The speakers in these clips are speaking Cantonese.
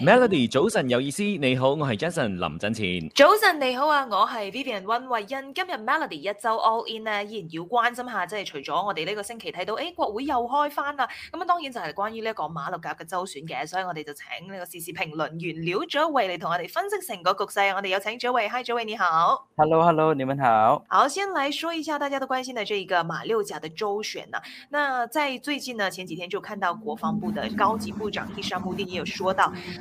Melody，早晨有意思，你好，我係 Jason 林振前。早晨你好啊，我係 Vivian 溫慧欣。今日 Melody 一周 All In 呢、啊、依然要關心下，即係除咗我哋呢個星期睇到誒、哎，國會又開翻啦。咁啊，當然就係關於呢一個馬六甲嘅州選嘅，所以我哋就請呢個時事評論員劉哲偉嚟同我哋分析成個局勢。我哋有請哲偉嗨，Hi 哲偉你好。Hello Hello，你們好。好，先嚟說一下大家都關心嘅呢一個馬六甲嘅州選啊。那在最近呢，前幾天就看到國防部嘅高級部長希山慕丁也有說到。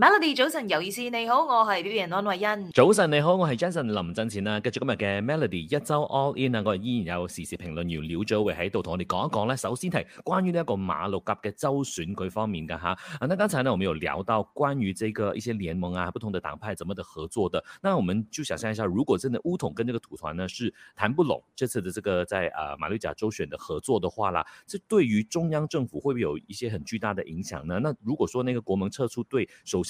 Melody 早晨有意思，你好，我係主持人安慧欣。早晨你好，我係 Jason 林振前啊。繼續今日嘅 Melody 一周 All In 啊，我依然有時事評論員劉哲偉喺度同我哋講一講咧。首先係關於呢一個馬六甲嘅州選舉方面嘅嚇、啊，那剛才呢，我哋有聊到關於呢個一些聯盟啊、不同的黨派怎麼的合作的。那我們就想象一下，如果真的巫統跟呢個土團呢是談不攏，這次的這個在啊馬六甲州選的合作的話啦，是對於中央政府會唔會有一些很巨大的影響呢？那如果說那個國盟撤出對，首先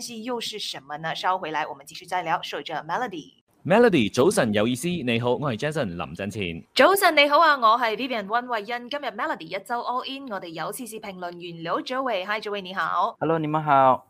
系又是什麼呢？稍回來，我們繼續再聊。守着 Melody，Melody，早晨有意思。你好，我係 Jason 林振前。早晨你好啊，我係 Vivian 溫慧欣。今日 Melody 一周 All In，我哋有時事評論員劉哲偉，Hi 哲偉，你好，Hello 你們好。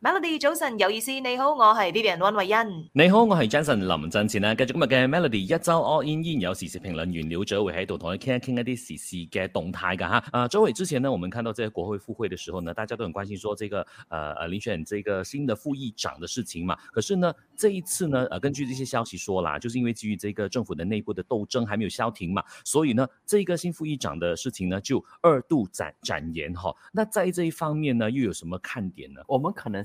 Melody 早晨，有意思，你好，我是 Vivian 溫慧欣。你好，我是 Jason 林振前。呢繼續今日嘅 Melody 一周 All In in，有時事評論員劉哲偉喺度同你傾一傾一啲時事嘅動態噶吓。啊、呃，哲偉之前呢，我們看到在國會復會的時候呢，大家都很關心說這個，呃遴選這個新的副議長的事情嘛。可是呢，這一次呢、呃，根據這些消息說啦，就是因為基於這個政府的內部的鬥爭還沒有消停嘛，所以呢，這個新副議長的事情呢就二度展展延哈。那在這一方面呢，又有什麼看點呢？我們可能。